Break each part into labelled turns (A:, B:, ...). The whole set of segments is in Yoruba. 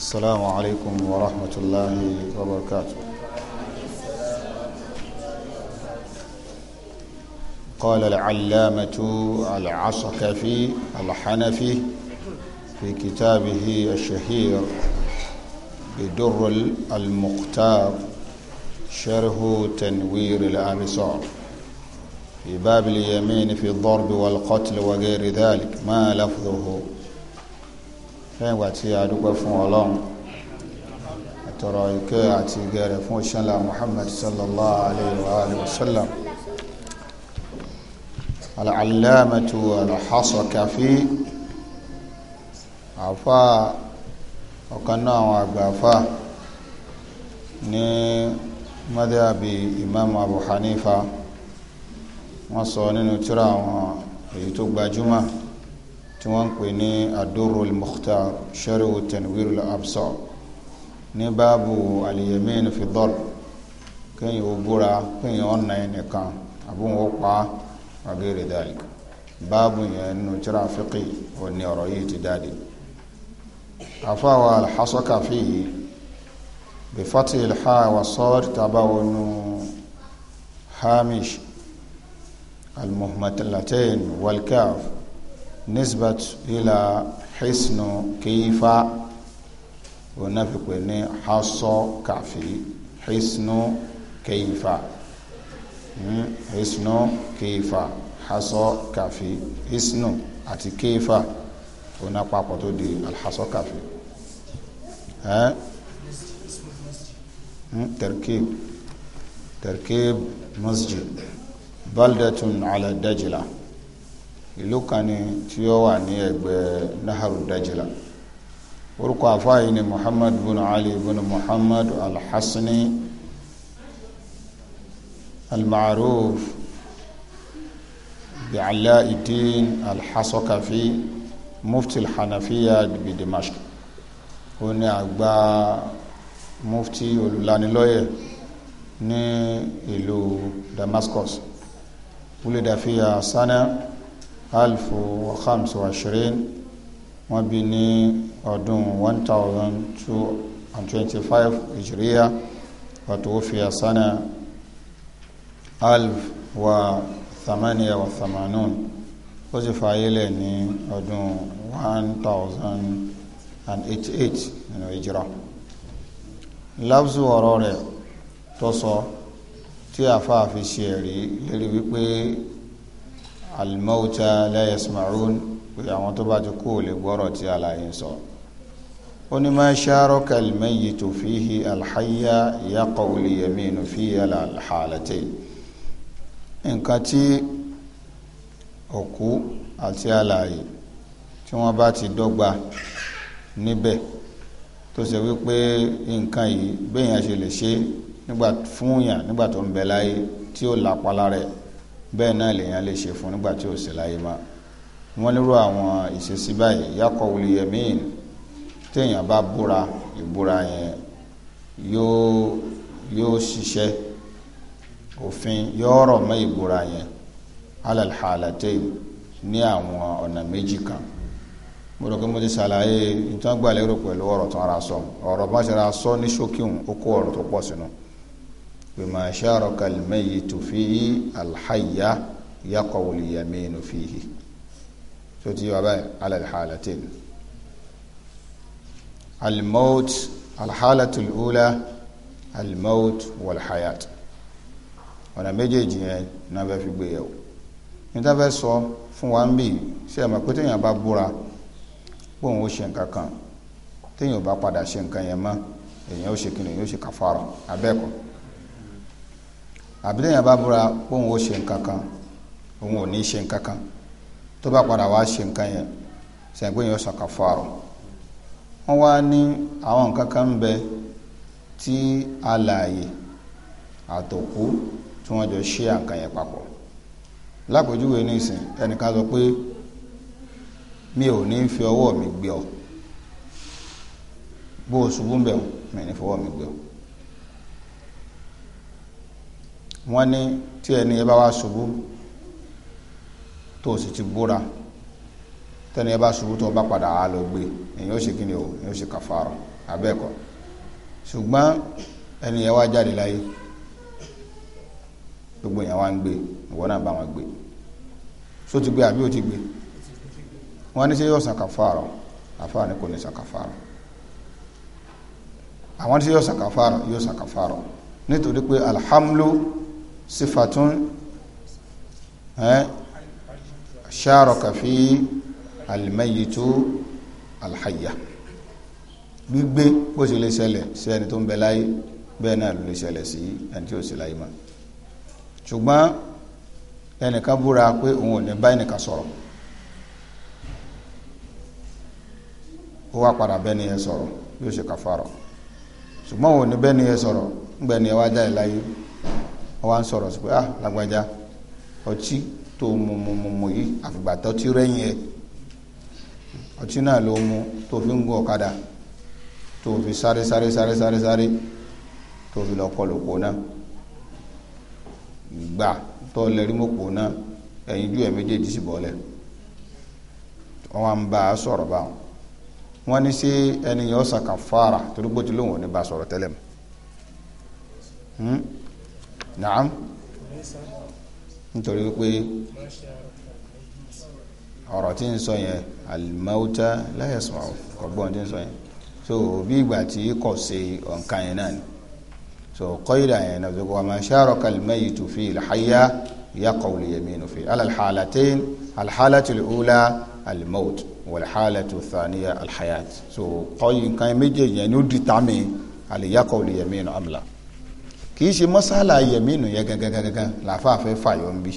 A: السلام عليكم ورحمة الله وبركاته قال العلامة العسكفي الحنفي في كتابه الشهير بدر المختار شره تنوير الأبصار في باب اليمين في الضرب والقتل وغير ذلك ما لفظه lẹ́yìn ìgbà tí a dúpẹ́ fún ọlọ́run àtọ̀rọ̀ ìkẹ́ àti ìgẹ́ rẹ̀ fún òṣèlú Muhammad sallallahu alayhi wa sallam alàlámẹ́tù alàhásọ̀kàfí àfá ọ̀kan náà àwọn àgbàfá ní madhabi imam abu hanifa wọ́n sọ nínú tírà àwọn èyí tó gbajúmọ̀ tí wọ́n ń pè ní Ad-Durrul Mukhtar sharhu Tanwirul Absar ní báàbù al-yamin fi dọ́l kéèyàn ó búra kéèyàn ó na ẹnìkan àbúrò ó pa wa ghayri dhalik báàbù yẹn nínú tíra fiqi ò ní ọ̀rọ̀ yìí ti dáde àfáwà al-Hasakafi yìí bí fati ilha wa sọ́ọ̀d tabawo nù hamish al-muhmatalatain wal nisbat ila hisnu kifa onafikpe ni haso kafi hisnu kifa hmm, hisnu kifa haso kafi hisnu àti kifa onapapọ̀ tó di alhaso kafi eh? Hmm, terkib terkib masjid baldatun ala dajila ìlú kan ni tí ó wà ní ẹ̀gbẹ́ naharu dajila orúkọ àfáà yìí ni muhammad bin ali bin muhammad alhassani almaruf bi'ala'iddin alhassakafi mufti alhanafiya bi dimashq ó ní àgbà mufti olùlanilọ́yẹ̀ ní ìlú damascus wúlé dàfíà sánà alfu wa khamsa wa shirin wọ́n bí ní ọdún one thousand two and twenty five hijriya watuwufia sana alf wa thamaniya wa thamanun ó sì fàyílẹ̀ ní ọdún one thousand and eighty eight nínú hijra lábùsù ọ̀rọ̀ rẹ̀ tó sọ tí àfáà fi ṣe ẹ̀rí lérí wípé almauta la yasma'un pé àwọn tó bá ti kú ò lè gbọ́rọ̀ tí alààyè ń sọ ó ní ma sharaka almayitu fihi alhayya yaqa'u liyaminu fihi alhalatayn nǹkan tí òkú àti alààyè tí wọ́n bá ti dọ́gba níbẹ̀ tó ṣe wípé nǹkan yìí béèyàn ṣe lè ṣe fún yàn nígbà tó ń bẹ láyé tí ó lápá lára ẹ̀ bẹ́ẹ̀ náà lèèyàn lè ṣe fún nígbà tí ò sí láyé má wọ́n lérò àwọn ìṣesí báyìí yàkọ̀ wuliyẹ̀mín téèyàn bá búra ìbúra yẹn yóò yóò ṣiṣẹ́ òfin yóò rọ̀ mọ́ ìbúra yẹn alalhalatayn ní àwọn ọ̀nà méjì kan mo rò pé mo ti ṣàlàyé ìtàn gbàlérò pẹ̀lú ọ̀rọ̀ tó ara sọ ọ̀rọ̀ bá ṣe ra sọ ní ṣókíhùn ó kó ọ̀rọ̀ tó pọ̀ sínú bima sharaka almayitu fihi alhayya yaqaw alyaminu fihi tó ti yọ abẹ́ ala alhalatin almaut alhalatu alula almaut walhayat ọ̀nà méjèèjì yẹn náà bẹ́ẹ̀ fi gbé yẹ̀wò níta fẹ́ sọ fún wa ń bì ṣe àmọ́ pé téèyàn bá búra bóun ó ṣe kan téèyàn ò bá padà ṣe nǹkan yẹn mọ́ èèyàn ó ṣe kí ni èèyàn ó àbí lẹ́yìn bá búra òun ò ṣe nǹkan kan òun ò ní ṣe nǹkan kan tó bá padà wá ṣe nǹkan yẹn sẹ́gbẹ́ yẹn sọ̀kà fọ́ọ̀rọ̀ wọ́n wá ní àwọn nǹkan kan ń bẹ tí alààyè àtòkú tí wọ́n jọ ṣe àǹkan yẹn papọ̀ lápòjúwe nísìn ẹnìkan sọ pé mi ò ní fi ọwọ́ mi gbé ọ bó o ṣubú ń bẹ̀ mi fọwọ́ mi gbé ọ wọ́n ní tí ẹni ẹ bá wá ṣubú tó sì ti búra tẹ́ni ẹ bá ṣubú tó bá padà á lọ gbé èyí ó ṣe kí ni o èyí ó ṣe kàfàrà abẹ́ẹ̀kọ́ ṣùgbọ́n ẹni yẹn wá jáde láyé gbogbo yẹn wá ń gbé ìwọ náà bá wọn gbé só ti gbé àbí ó ti gbé wọ́n ní ṣe yóò san kàfàrà àfáà ni kò ní san kàfàrà àwọn tí yóò san kàfàrà yóò san kàfàrà nítorí pé alhamdu sifatun ṣáraka eh, fi almayitu alhaya gbígbé bó ṣe lè ṣẹlẹ̀ sí ẹni tó ń bẹ láyé bẹ́ẹ̀ náà ló lè ṣẹlẹ̀ sí ẹni tí ó sì láyé mọ́ ṣùgbọ́n ẹnìkan búra pé òun ò ní bá ẹnìkan sọ̀rọ̀ ó wá padà bẹ́ni yẹn sọ̀rọ̀ yóò ṣe kàfàrọ̀ ṣùgbọ́n òun ò ní bẹ́ni yẹn sọ̀rọ̀ ń gbẹ́ni yẹn wá jáde láyé wọ́n wá ń sọ̀rọ̀ sí pé ah lágbájá ọtí tó mu mu mu mu yìí ti rẹ́yìn ẹ̀ ọtí náà ló mu tó fi ń gun ọ̀kadà tó fi sáré sáré sáré sáré sáré fi lọ kọlù pò náà tó ju bọ́lẹ̀ wọ́n ń bá a sọ̀rọ̀ báwọn wọ́n ní sí ẹni yẹn ọ̀sán torí bó ti lóun ò ní bá naam nítorí wípé ọ̀rọ̀ tí ń sọ yẹn alimauta láyẹ̀sùn ọgbọ́n tí ń sọ yẹn so bí ìgbà tí kò ṣe ọ̀nkà yẹn náà ni so kọ́ìdà yẹn náà so wàmà ṣàrọ̀ kalimẹ́ yìí tó fi ìlàhàyà yàkọ̀ olùyẹ̀mí nù fi alàlhàlàtẹ́yìn alhàlàtì lùhùlà alimout wàlhàlàtì thaniya alhayat so kọ́yìn kan méjèèjì yẹn ni ó di tàmí alìyàkọ̀ olùyẹ̀mí nù amla kì í ṣe mọ́sálà yẹ̀mínú yẹ gangan làáfà fẹ́ fàyọ̀ ń bí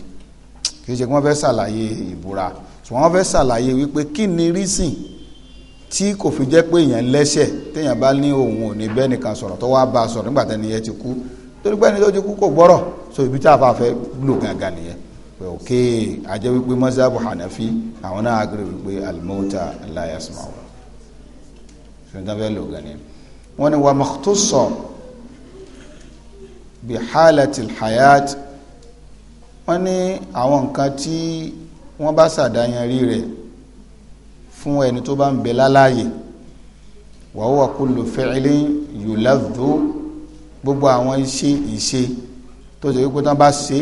A: kì í ṣe kí wọ́n fẹ́ ṣàlàyé ìbúra ṣùgbọ́n wọ́n fẹ́ ṣàlàyé wípé kí ni rísìn tí kò fi jẹ́ pé èèyàn lẹ́sẹ̀ téèyàn bá ní òun ò ní bẹ́ẹ̀ sọ̀rọ̀ tó wá bá a sọ̀rọ̀ nígbà tẹ́ni yẹn ti kú torí pé tó ti kú kò gbọ́rọ̀ so ibi tí àfa fẹ́ lò gangan nìyẹn pé òkè àjẹ́ wípé mọ́sáàbù hànàfi àwọn náà agrè wípé alimọ́ta aláyàsímáwò ṣùgbọ́n tó fẹ́ lò gan ni wọ́n ní wàmọ́tò sọ̀rọ̀ bi halatil hayat wọ́n ní àwọn nǹkan tí wọ́n bá ṣàdáyanrí rẹ̀ fún ẹni tó bá ń bẹ láláàyè wa huwa kullu fi'lin yuladhdhu gbogbo àwọn iṣẹ́ ìṣe tó ṣe wípé tán bá ṣe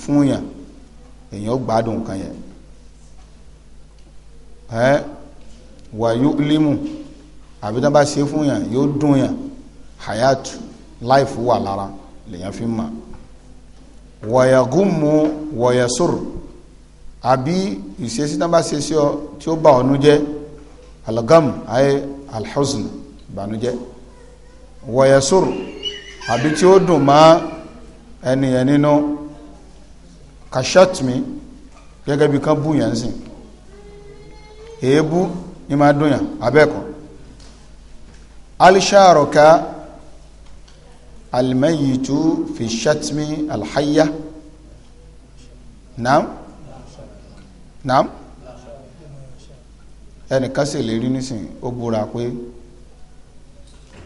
A: fún yàn èèyàn gbádùn kan yẹn ẹ wa yu'limu àbí tán bá ṣe fún yàn yóò dùn yàn hayatu láìfù wà lára lèyàn fi mà wọ̀yàgùnmù wọ̀yàsòrò àbí ìṣesí náà bá ṣe sí ọ tí ó bá ọnu jẹ́ alagam ayé alhuzn ìbànújẹ́ wọ̀yàsòrò àbí tí ó dùn má ẹnìyẹn nínú kàṣàtìmí gẹ́gẹ́ bí kan búyàn ń sìn èébú ni máa dùn yàn abẹ́ẹ̀kọ́ alṣàrọ̀ká almayitu fi shatmi alhaya naam naam ẹnìkan sì lè rí nísìnyí ó búra pé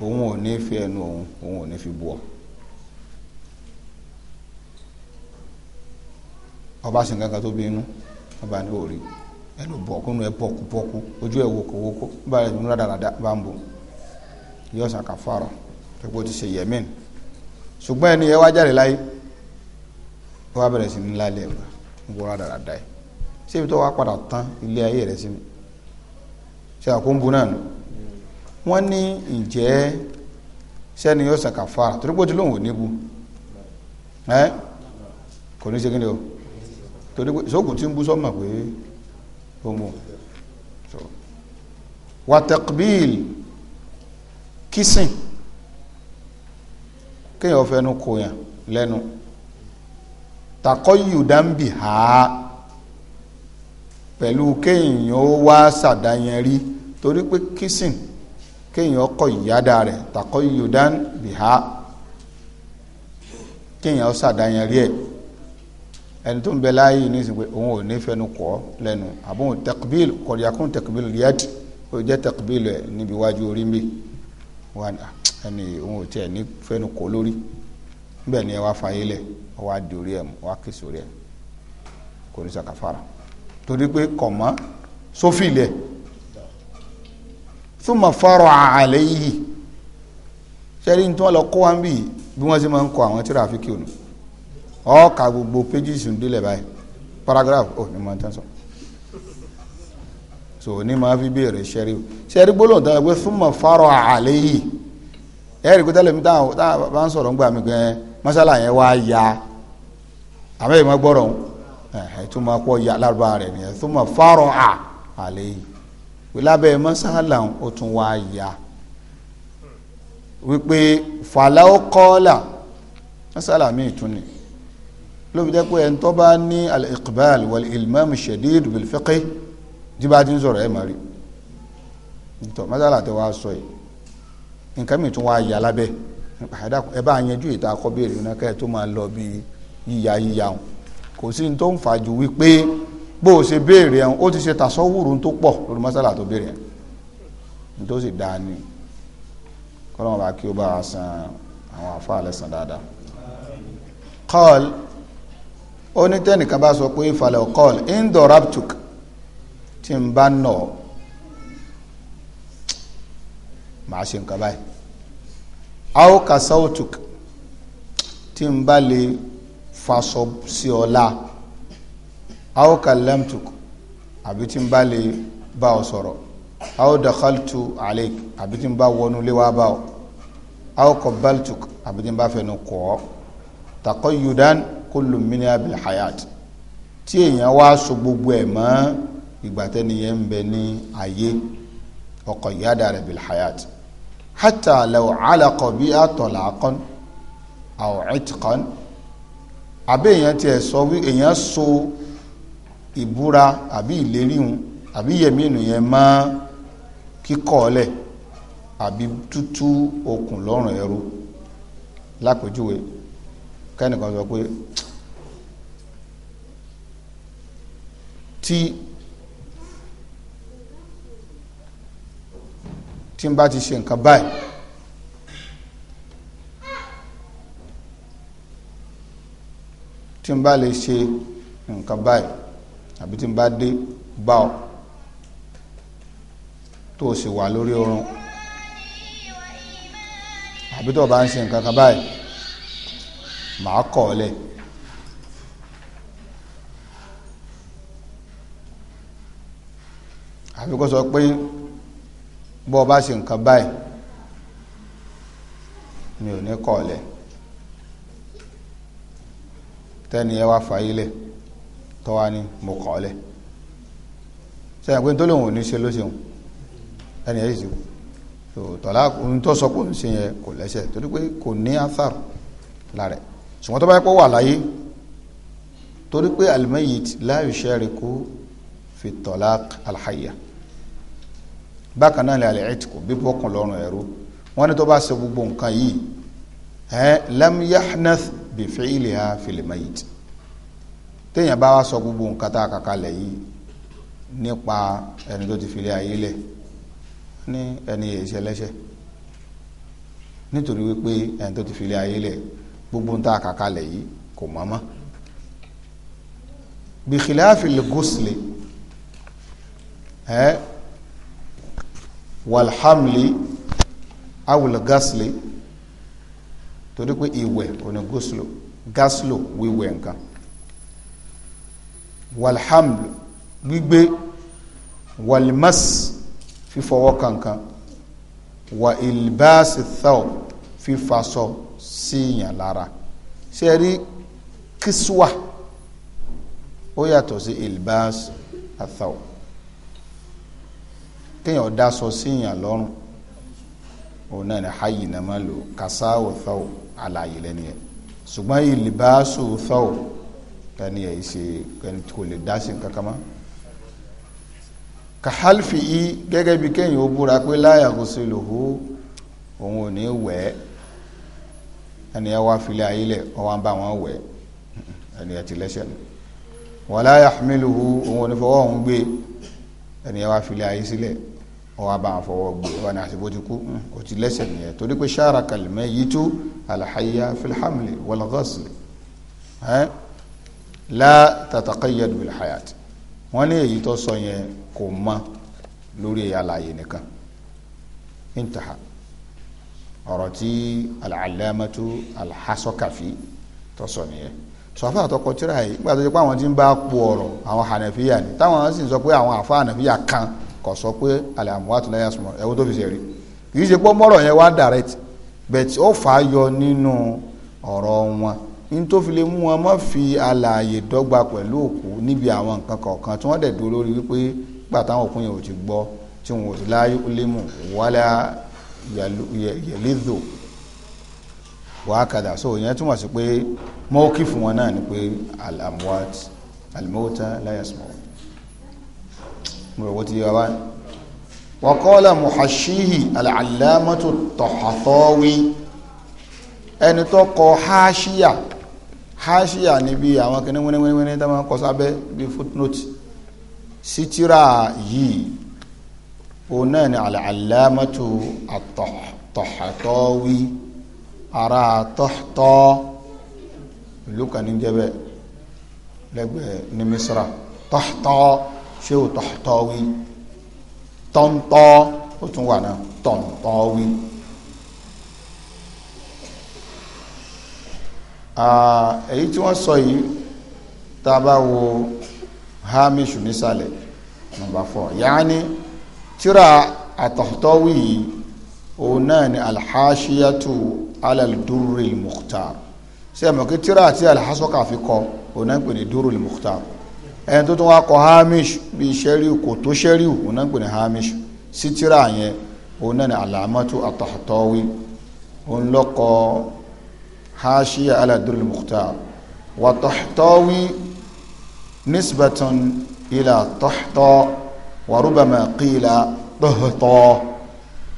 A: òun ò ní fi ẹnu òun òun ò ní fi bú ọ ọba sì nǹkan kan tó bí inú ọba ní òòrì ẹnu bọ̀kúnú ẹ bọ̀kú bọ̀kú ojú ẹ wòkó wòkó bá rẹ̀ múra dáradára bá ń bò yọ̀ọ̀sán kàfàrà pé bó ti ṣe yẹ̀mẹ́ni ṣùgbọ́n ẹni yẹn wá jáde láyé ó wá bẹ̀rẹ̀ sí ní lálẹ́ ẹ̀rọ wọ́n rárá dá ẹ̀ ṣé ibi tó wá padà tán ilé ayé rẹ̀ sí mi ṣe àkóńbu náà nù wọ́n ní ìjẹ́ sẹ́ni yóò sàkà fara torí pé ó ti lóun ò níbu ẹ́ kò ní ṣe kí ni o torí pé sókùn tí ń bú sọ́mọ̀ pé ó mú wàtẹ̀kbíl kìsìn kéèyàn fẹnu kòyàn lẹ́nu takọ́yù dáńbì ha pẹ̀lú kéèyàn ó wá sàdáyẹnrí torí pé kissing kéèyàn kọ ìyáda rẹ̀ takọ́yù dáńbì ha kéèyàn ó sàdáyẹnrí ẹ̀ ẹni tó ń bẹ láàyè ní ìsìnkú òun ò ní fẹnu kọ́ lẹ́nu àbóhùn tẹkbíl kọ̀ọ̀yàkùn tẹkbíl yẹ́dì ó jẹ́ tẹkbíl ẹ̀ níbi iwájú orí mi wà ẹni òun ò tiẹ̀ ní fẹ́nu kó lórí níbẹ̀ ni ẹ wá fayé lẹ̀ ọ wá di orí ẹ̀ mọ́ wá kí sórí ẹ̀ kò ní sàkàfàrà torí pé kọ̀mọ́ sófìlẹ̀ súnmọ́ fọ́rọ̀ àlẹ́ yìí sẹ́rí ní tí wọ́n lọ kó wá ń bì bí wọ́n ṣe máa ń kọ àwọn tíráfíkì ònà ọ̀ọ́ka gbogbo pages ń délẹ̀ báyìí paragraph ò ní mọ̀ ní tẹ́sán so ní máa fi béèrè sẹ́rí sẹ́rí gbólóhùn tó ń gbé súnmọ̀ fárọ̀ àlẹ́ yìí ẹ̀rí kó tẹ́lẹ̀ mi táwọn bá ń sọ̀rọ̀ ń gbà mí gan mọ́sálà yẹn wá ya àbẹ́ yìí má gbọ́rọ̀ ẹ̀ tó máa kọ́ ya lárúbá rẹ̀ nìyẹn súnmọ̀ fárọ̀ àlẹ́ yìí lábẹ́ mọ́sálà ó tún wá ya wípé fàlàó kọ́ọ́là mọ́sálà mi tún ni ló fi jẹ́ pé ẹni bá ní al-iqbal wal-ilmam shadid bil-fiqh tí bá ti ń sọ̀rọ̀ ẹ̀ máa rí tọ́ mọ́sálà tẹ wàá sọ yìí nǹkan mìíràn tún wàá yà lábẹ́ ẹ bá yanjú ìta akọ́ béèrè náà kẹ́ ẹ tó máa lọ bí yíya yíya hùn kò sí ní tó ń fà ju wípé bó o ṣe béèrè ẹ̀hún ó ti ṣe tàṣọ́wùrù tó pọ̀ lórí mọ́sálà tó béèrè ẹ̀hún nítorí sì dáa ni kọ́lọ́mọ̀ bá kí ó bá san àwọn àfáà lẹ́sàn dáadáa. kọ́ọ̀lù ó ní tẹ́nìkan bá sọ pé ìfàlẹ̀ kọ́ọ̀lù indoraptuk tí n bá nà ọ́ màá ṣe nǹkan báyìí aw ka sautuk tí n bá lè faṣọ sí ọ la aw ka lamtuk àbí tí n bá lè bá ọ sọ̀rọ̀ aw dakhaltu aleik àbí tí n bá wọnú lé wá bá ọ aw qabbaltuk àbí tí n bá fẹnu kọ̀ ọ́ taqayyudan kullu min bil hayat tí èèyàn wá so gbogbo ẹ̀ mọ́ ìgbà tẹ́niyẹn ń bẹ ní ayé ọkọ̀ ìyáda rẹ̀ bil hayat hata law alaqa bí atọ̀làkọ́n àwọn ẹ̀tìkọ́n àbẹ́ èèyàn tiẹ̀ sọ wí èèyàn so ìbúra àbí ìléríhun àbí yẹ̀mí ènìyàn máa kíkọ́ ọ̀lẹ̀ àbí tútú okùn lọ́rùn ẹrú lápèjúwe kẹ́nìkan sọ pé tí tí n bá ti ṣe nǹkan báyìí tí n bá lè ṣe nǹkan báyìí àbí tí n bá dé bá ọ tó o sì wà lórí oorun àbí tó o bá ń ṣe nǹkan kan báyìí màá kọ̀ ọ́ lẹ̀. àbí kó sọ pé bọ́ ọ bá ṣe nǹkan báyìí mi ò ní kọ̀ọ̀lẹ̀ tẹ́ni ẹ wá fàyí lẹ̀ tọ́ wa ní mo kọ̀ọ̀lẹ̀ sẹ́yìn pé tó lòun ò ní ṣe ló ṣeun ẹni ẹ̀ sì tọ́lá ohun tó sọ pé òun ṣe yẹn kò lẹ́sẹ̀ torí pé kò ní athar lára ṣùgbọ́n tó bá yẹ kó wà láyé torí pé al-mayyit la yushariku fi talaq al bákan náà lè àlẹ́ẹ̀tìkù bí bọ́kùn lọ́rùn ẹ̀rú wọ́n ní tó bá ṣe gbogbo nǹkan yìí ẹ̀ lam yahnath bi fi'liha fil mayit téèyàn bá wá sọ gbogbo nǹkan tá a kàkà lẹ̀ yìí nípa ẹni tó ti filẹ̀ ayé lẹ̀ ní ẹni ìṣẹ́ lẹ́ṣẹ̀ nítorí wípé ẹni tó ti filẹ̀ ayé lẹ̀ gbogbo nǹkan tá a kàkà lẹ̀ yìí kò mọ́ mọ́ bi khilafil ghusli ẹ̀ walhamli awul gasli torí pé ìwẹ̀ òní goslo gaslo wíwẹ̀ nǹkan walhamlu gbígbé walmas fífọwọ́ kankan wa ilbaasi thaw fífasọ síyàn lára ṣe rí kiswa ó yàtọ̀ sí ilbaas athaw téèyàn dá sọ síyàn lọ́rùn òun náà ni hayi náà máa lò kasáwò thaw àlàyé lẹ́ni ẹ̀ ṣùgbọ́n ìlìbáṣù thaw kẹ́ni ẹ̀ ṣe kẹ́ni kò lè dá sí kankan mọ́ kàhálfì yí gẹ́gẹ́ bí kéèyàn ó búra pé láyà kò sí lòhó òun ò ní wẹ̀ ẹ́ ẹni ẹ wá filẹ̀ ayé lẹ̀ ọ bá wọn wẹ̀ ẹni ẹ ti lẹ́sẹ̀ nù wàláyà mílùú òun ò ní fọwọ́ òun gbé ẹni ẹ wá filẹ̀ ayé sílẹ̀ ọwọ́ bá ń fọwọ́ gbé wọn ni àti bó ti kú kò ti lẹ́sẹ̀ nìyẹn torí pé ṣára kàlùmẹ́ yìí tó alhayya filhamli wàlgọ́sìlì la tataqayyad bilhayat wọn ní èyí tó sọ yẹn kò mọ lórí àlàyé nìkan intaha ọ̀rọ̀ tí alàlámẹ́tú alhasọ́kàfí tó sọ nìyẹn sọfà àtọkọ tíra yìí nígbà tó ṣe pé àwọn tí ń bá po àwọn hànàfíyà ni táwọn sì ń sọ pé àwọn àfa hànàfíyà kan kò sọ pé àlẹ́ àmúwátì láyà sùnmọ́ ẹ̀wọ́ tó fi ṣe rí kì í ṣe pé mọ́rọ̀ yẹn wá direct but ó fà á yọ nínú ọ̀rọ̀ wọn ní tó fi lè mú wọn mọ́ fi àlàyé dọ́gba pẹ̀lú òkú níbi àwọn nǹkan kọ̀ọ̀kan tí wọ́n dẹ̀ dúró lórí wípé gbàtàwọn òkú yẹn ò ti gbọ́ tí wọn ò ti láyé ó lé mú wálá yẹlẹ́dọ̀ wákàdà so ìyẹn túmọ̀ sí pé mọ́ọ́kì fún wọn náà ni pé alamuwat alimọ́ta láyàsímọ́ọ́ gbogbo ti yọ wáyé wọ́kọ́lá muhashihi alàlámọ́tò tọ̀hátọ́wí ẹni tó kọ haṣíyà haṣíyà ni bí àwọn kìnnì wíníwíní tó máa kọ sábẹ́ bí footnote sítírà yìí òun náà ni alàlámọ́tò tọ̀hátọ́wí ara tọ́tọ́ ìlú kan ní jẹ́bẹ̀ lẹ́gbẹ̀ẹ́ ní misra tọ́tọ́ ṣéwù tọ̀tọ̀wí tọ̀ntọ̀ ó tún wà náà tọ̀ntọ̀wí. èyí tí wọ́n sọ yìí tá a bá wo hamishu nísàlẹ̀ nọ́mbà four yaani tíra àtọ̀tọ̀wí yìí òun náà ni alhashiyatu alaldurri mukhtar ṣe mọ̀ kí tíra àti alhasọ́kà fi kọ òun náà ń pè ní durul mukhtar ẹni tó tún wá kọ hamish bíi sẹ́ríù kò tó sẹ́ríù òun náà ń pè ní hamish sítírà yẹn òun náà ní alamatu atahatawi òun lọ́kọ hashiya aladurul mukhtar wa tahatawi nisbatan ila tahta wa rubama qila tahta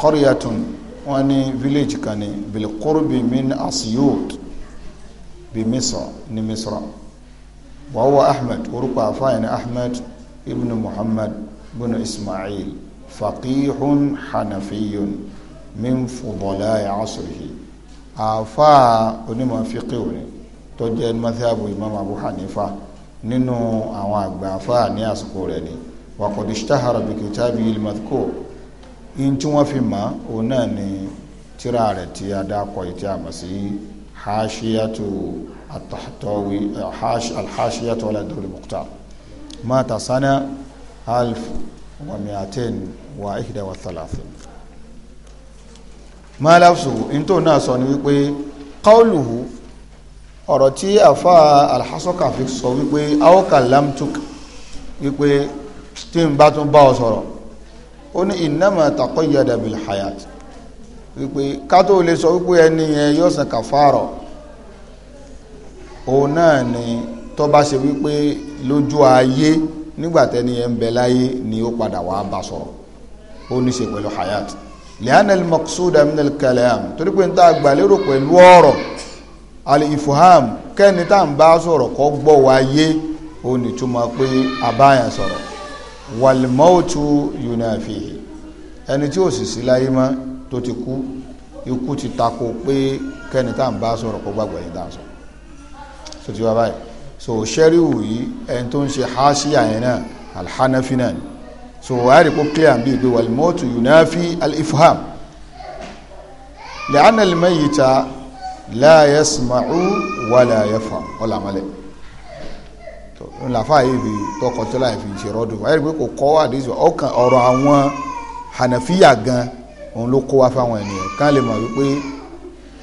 A: qaryatun wọ́n ní village kan ní bilqurbi min asiyut bí misra ní misra wàhùwà ahmed orúkọ àfáàyàn ahmed ibn muhammad ibn ismail faqihun hanafiyun min fudala asrihi àfáà onímọ̀ fiqh ni tó jẹ́ madhhabu imam abu hanifa nínú àwọn àgbà àfáà ní àsìkò rẹ̀ ni wàkọ̀dí ṣtáhàrà bí kìtàbí ilmadhkur in tí wọ́n fi ma òun náà ni tíra rẹ̀ tí a ìtí àmà sí haṣíyàtò التحتوي حاش الحاشية على الدور المختار مات سنة 1231 ما لفظه انتو ناس wípé قوله ọ̀rọ̀ tí àfa alhassaka fi sọ wípé aoka lamtuk wípé tí n bá tún bá ọ sọ̀rọ̀ ó ní ìnáma taqayyada bil hayat wípé ká tó lè sọ wípé ẹni yẹn yóò san kàfàrọ̀ òun náà ni tó bá ṣe wípé lójú ayé nígbàtẹ́ni ẹ̀ ń bẹ láyé ni ó padà wàá bá sọ̀rọ̀ ó ní ṣe pẹ̀lú hayat liana al-maqsuda min al-kalam torí pé n ta gbàlérò pẹ̀lú ọ̀rọ̀ al-ifham kẹ́ni tá n bá sọ̀rọ̀ kọ́ gbọ́ wáyé ó ní túmọ̀ pé abáyàn sọ̀rọ̀ wal-mautu yunafihi ẹni tí ó sì sí láyé mọ́ tó ti kú ikú ti tako pé kẹ́ni tá n bá sọ̀rọ̀ kọ́ gbàgbọ́ yìí tá n so ti wá báyìí so sẹ́ríwù yìí ẹni tó ń ṣe haṣíyà yẹn náà alhanafi náà ni so wàá rí kó clear bí ìgbé walmotu yunafi alifham lẹ́hàn alimẹ́yìíta láyé sùmàú wà láyé fà ọ̀làmọ́lẹ̀ ńláfà yìí fi tọkọ tó láì fi ṣe rọ́dù wáyé pé kò kọ́ àdéhùn ọkàn ọ̀rọ̀ àwọn hànàfíyà gan òun ló kó wá fáwọn ènìyàn kán lè mọ̀ wípé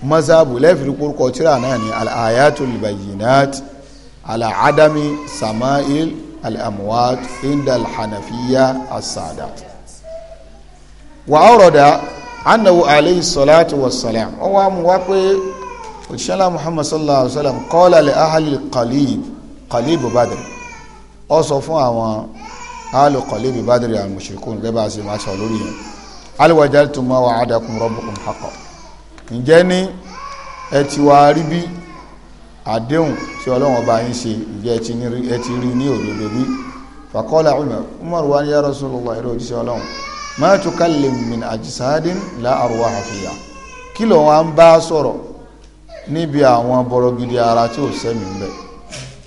A: mọ́sáàbù lẹ́fìrí kórúkọ tíra náà ní al-ayatul bayyinat ala adami sama'il al-amwat indal hanafiya as-sadat wa ọ̀rọ̀dà annahu alayhi salatu wa salam wọ́n wá mú wá pé òṣìṣẹ́lá muhammad sallallahu alayhi wa sallam qala li ahli qalib qalib badr ó sọ fún àwọn ahli qalib badr al-mushrikun gẹ́gẹ́ bá a lórí yẹn hal wajadtum rabbukum haqqan ǹjẹ́ ní ẹ ti wá rí bí àdéhùn tí ọlọ́run ọba yín ṣe ǹjẹ́ ẹ ti rí ní òdodo bí fàkọ́lá Umar Umar wa ní ya Rasulullah ìró òjíṣẹ́ ọlọ́run ma tukallim min àjísáàdín la arwaha fiha kí ló wá ń bá sọ̀rọ̀ níbi àwọn bọ̀rọ̀gidi ara tí ò sẹ́mi ń bẹ̀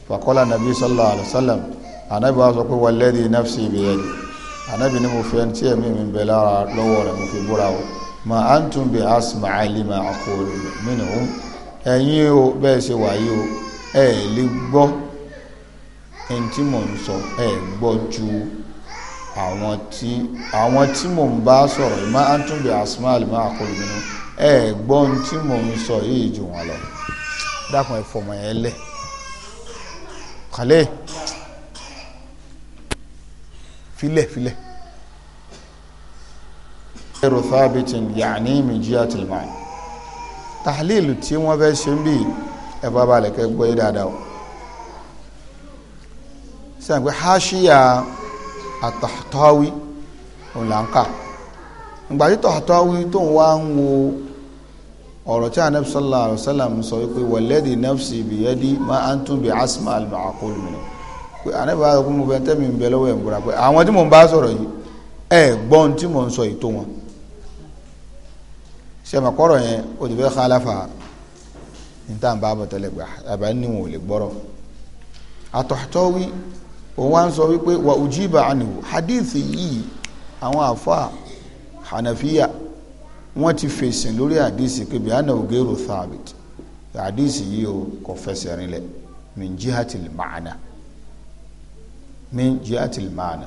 A: fàkọ́lá nàbí sallallahu alaihi wasallam ànábì wa sọ pé walladhi nafsi biyadi ànábì ni mo fẹ́ tí ẹ̀mí mi ń lára lọ́wọ́ rẹ̀ mo fi búra wọn ma antum bi asma alima aqulu minhum ẹ̀yin o bẹ́ẹ̀ ṣe wáyé o ẹ lè gbọ́ ẹni tí mò ń sọ ẹ gbọ́ ju àwọn tí àwọn tí mò ń bá sọ̀rọ̀ ma antum bi asma alima aqulu minhum ẹ gbọ́ ohun tí mò ń sọ yìí jù wọ́n lọ dákun ẹ fọmọ yẹn lẹ̀ kàlẹ́ filẹ̀ filẹ̀ ẹrù thabitin yaani mijiyatil ma tahlilu tí wọ́n fẹ́ ṣe ń بالك ẹ̀fọ́ داداو kẹ́ حاشية yé dáadáa o sẹ́yìn pé haṣíyà àtàtàwí òun là ń kà ìgbà tí tàtàwí tó ń wá ń wo ọ̀rọ̀ tí anabi sallallahu alayhi wa sallam sọ wípé wàlẹ́dì nafsi bìyẹ́dì ma antum bi asma al-ma'qul minhu pé anabi wa sọ pé mo fẹ́ tẹ́mi ń bẹ lọ́wọ́ ẹ̀ ń bọ̀ra pé àwọn tí mo ń bá sọ̀rọ̀ yìí ẹ̀ gbọ́n tí mo ń sọ ètò wọn sẹ́mi kọ́rọ̀ yẹn o ti fẹ́ xalafa níta bá bọ̀ tẹ́lẹ̀ gbà àbá ní wọn ò lè gbọ́rọ̀ àtọ̀tọ̀wí òun wá ń sọ wípé wà ujiba anhu hadithi yìí àwọn àfa hanafiya wọ́n ti fèsì lórí hadithi kébì àná ògèrò thabit hadithi yìí o kò fẹsẹ̀ rinlẹ̀ min jihatil ma'ana min jihatil ma'ana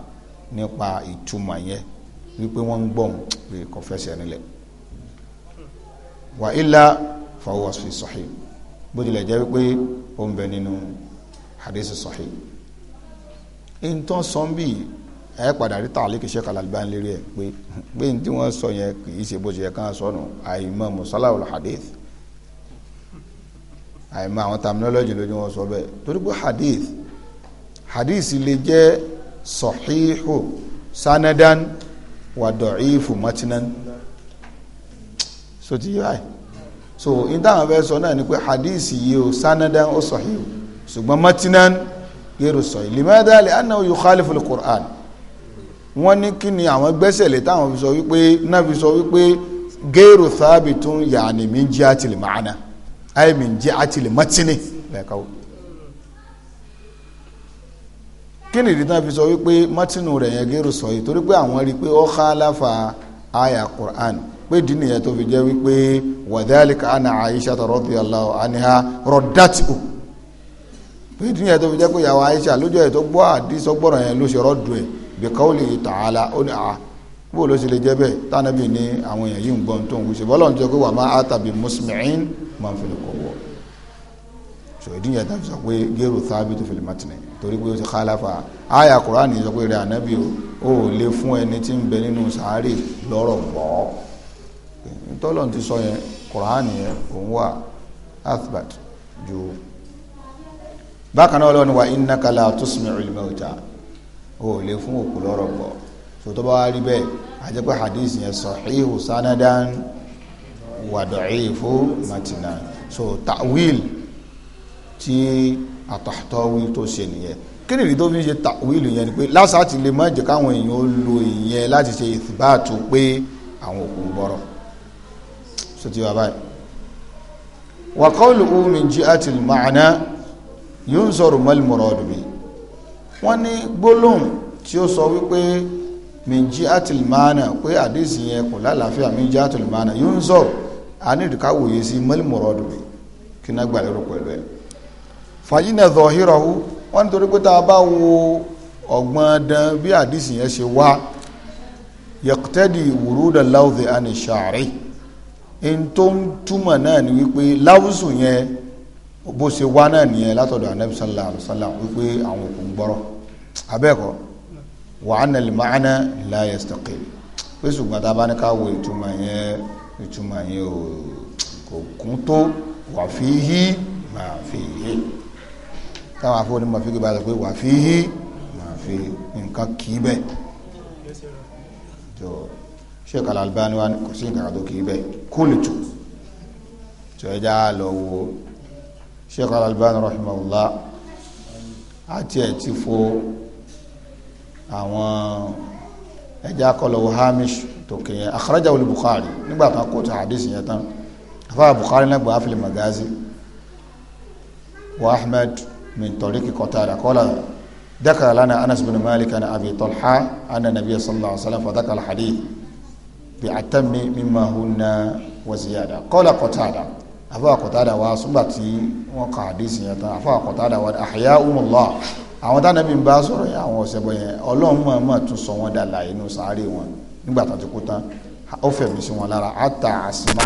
A: nípa ìtumọ̀ yẹn wípé wọ́n ń gbọ́n pé kò fẹsẹ̀ rinlẹ̀ wà ilà fọwọ́ fi sahih bó tilẹ̀ jẹ́ wípé ó ń bẹ nínú hadith sahih ntọ́ sọ́nbì ẹ padà rí tàlíkì Sheikh Al-Albani lérí ẹ pé pé n tí wọ́n sọ yẹn kì ṣe bó ṣe yẹ ká sọnù àìmọ̀ musalawul hadith àìmọ̀ àwọn terminology lójú wọn sọ bẹ́ẹ̀ torí pé hadith hadith lè jẹ́ sahihu sanadan wa da'ifu matinan so ti yíra ẹ̀ so in táwọn fẹ́ sọ náà ni pé hadith yìí o sanadan ó sahih o ṣùgbọ́n matinan yẹ́rù sahih limadha li annahu yukhalifu al-Qur'an wọ́n ní kí ni àwọn gbẹ́sẹ̀ lé táwọn fi sọ wípé náà fi sọ wípé gẹ́rù thabitun yàní min jihati al-ma'na ay min jihati al-matni lẹ́ka o kí ni ìdí fi sọ wípé matinu rẹ̀ yẹn gẹ́rù sahih torí pé àwọn rí i pé ó khalafa àyà Qur'an pé ìdí nìyẹn tó fi jẹ́ wípé wàdálíkà àna àyíṣà radiyallahu anha rọ̀dátìkù pé ìdí nìyẹn tó fi jẹ́ pé ìyàwó àyíṣà lójú ẹ̀ tó gbọ́ àdísọ́gbọ́rọ̀ yẹn ló ṣe rọ́dù ẹ̀ bi qawlihi ta'ala ó ní àá bó ló ṣe lè jẹ́ bẹ́ẹ̀ tánàbì ní àwọn èèyàn yìí ń gbọ́n tó ń wíṣẹ́ bọ́lá ń jẹ́ pé wà máa átàbí musmi'in máa ń fi kọ́ wọ́ so ìdí yẹn tàbí sọ pé gẹ́rù sábì tó fi lè mátìnì torí pé ó ti khalafa àyà kùránì sọ pé rẹ̀ ànábì ó lè fún ẹni tí ń bẹ nínú sàárè lọ́rọ̀ gbọ́ọ́ tọ́lọ̀ ti sọ yẹn kùránì yẹn òun wà athbat ju bákan náà lọ́wọ́ ni wà innaka la tusmi'ul mauta o lè fún òkú lọ́rọ̀ gbọ́ so bá wá rí bẹ́ẹ̀ àjẹ́ hadith yẹn sahihu sanadan wa da'ifu matinan so ta'wil tí àtàtọ́wí tó ṣe nìyẹn kí nìdí tó fi ń ṣe ta'wil yẹn ni pé lásà ti lè má jẹ́ káwọn èèyàn ó lo ìyẹn láti ṣe ìtìbáàtú pé àwọn òkú ń gbọ́rọ̀ so ti wà báyìí wa qawluhu min jihati al-ma'na yunzaru mal muradu bi wọ́n ní gbólóhùn tí ó sọ wípé min jihati al-ma'na pé àdéhìsì yẹn kò lálàáfíà min jihati al-ma'na yunzaru anídìkáwòye sí mal muradu bi kí náà gbàlérò pẹ̀lú ẹ̀ fàyínà zọ̀hírọ̀hú wọ́n nítorí pé in tó ń túmọ̀ náà ni wípé láwùsù yẹn bó ṣe wá náà nìyẹn látọ̀dọ̀ anabi sallallahu alayhi wa sallam wípé àwọn òkú ń gbọ́rọ̀ abẹ́ẹ̀kọ́ wa anna al-ma'na la yastaqil pé ṣùgbọ́n tá a bá ní ká wo ìtumọ̀ yẹn ìtumọ̀ yẹn kò kún tó wa fihi ma fihi táwọn afọ́ni ma fi gbé báyìí pé wa fihi ma fihi nǹkan kì í bẹ́ẹ̀ sheikh al-Albani wa kò sí nǹkan kan tó kì í bẹ́ẹ̀ kóòlìtù tí ó já lọ wo sheikh al-Albani rahimahullah àti ẹ̀ ti fo àwọn ẹja kọlọ̀wọ̀ hamish tó kìyẹn akhrajahu al-Bukhari nígbà kan kó ta hadith yẹn tán afáà Bukhari náà gbà áfìlì magazi wa Ahmad min tariqi Qatada qala ذكر لنا أنس بن مالك عن أبي طلحة أن النبي صلى الله عليه وسلم فذكر الحديث bí atẹ́mi mímọ húnna wọ̀síyàdá kọ́lá kọ́tàdà afọ́ àkọ́tàdà wa súgbà tí wọ́n kà á dísìn yẹn tán afọ́ àkọ́tàdà wa àhàyà umùlá àwọn tánàbí ń bá sọ̀rọ̀ yẹn àwọn ọ̀sẹ̀ bọ̀ yẹn ọlọ́run mọ̀ mọ̀ tún sọ wọ́n dà láàyè inú sàárè wọn nígbà tó ti kú tán ó fẹ̀mí sí wọn lára àtà àsìmá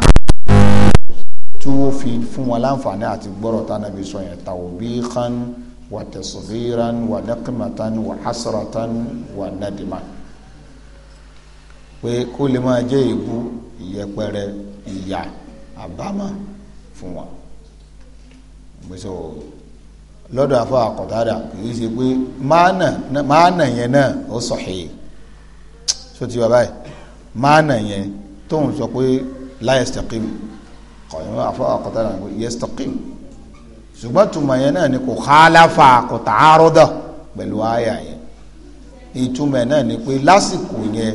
A: tí wọ́n fi fún wọn láǹfààní àti gbọ́rọ̀ tánàbí sọ pé kó lè máa jẹ́ èébú ìyẹpẹrẹ ìyà àbámọ̀ fún wọn gbèsò lọ́dọ̀ afọ àkọ́tàdà kìí ṣe pé máànà yẹn náà ó sọ̀hìn so ti wà báyìí máànà yẹn tóun sọ pé láyẹ̀sítẹ̀kìm kọ̀yìn afọ àkọ́tàdà pé yẹ̀sítẹ̀kìm ṣùgbọ́n tùmọ̀ yẹn náà ni kò hálàfà kò tààrọ́dọ̀ pẹ̀lú àyà yẹn ìtumọ̀ náà ni pé lásìkò yẹn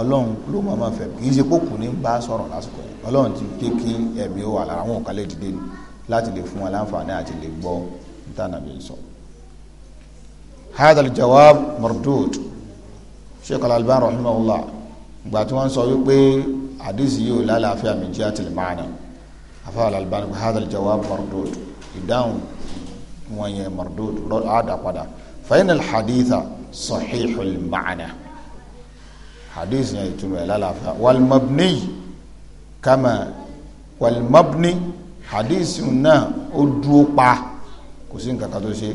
A: ọlọ́run ló máa ma fẹ́ kì í ṣe pókù ní bá sọ̀rọ̀ lásìkò ọlọ́run ti jẹ́ kí ẹ̀mí wà lára àwọn òkàlẹ̀ dìde ni láti lè fún wa láǹfààní àti lè gbọ́ ìtànàbí sọ. hadal jawab mardud sheikh al-Albani rahimahullah gbà tí wọ́n sọ wípé àdìsí yóò lálàáfíà min jihatil ma'na afa al-Albani hadal jawab mardud ìdáhùn wọn yẹn mardud àdàpadà fa inna al-haditha sahihul ma'na hadith yẹn ìtumọ̀ ẹ̀ lálàáfíà walmabni kama walmabni hadith náà ó dúró pa kò sí nǹkan kan tó ṣe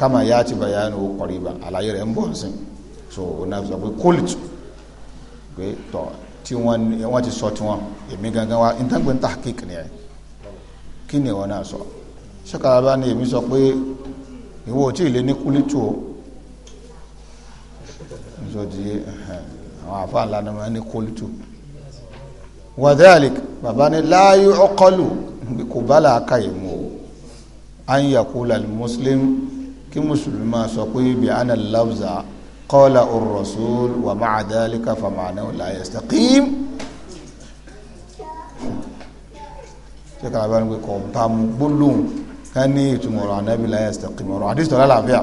A: kama yá ti bayanu qariba àlàyé rẹ̀ ń bọ̀ sí so ọ̀nà sọ pé kólìtù pé tọ̀ tí wọ́n ti sọ tiwọn èmi gangan wa n tàgbé ń ta kíkì ni ẹ̀ kí ni wọn náà sọ ṣọ́kàlá ni ní èmi sọ pé ìwọ tí ì lé ní kólìtù o àwọn àfa ńlá ni wọ́n ní kólítù wadhalik bàbá ní láàyè ọkọlù kò bá làákà yìí mú o an yakula muslim kí mùsùlùmí máa sọ pé ibi àná lafza qala ar-rasul wa ma'a dhalika fa ma'nahu la yastaqim ṣé kàlá bá ń gbé kọ́ bá mú gbólóhùn ká ní ìtumọ̀ ọ̀rọ̀ anábì la yastaqim ọ̀rọ̀ àdìsítọ̀ lálàáfíà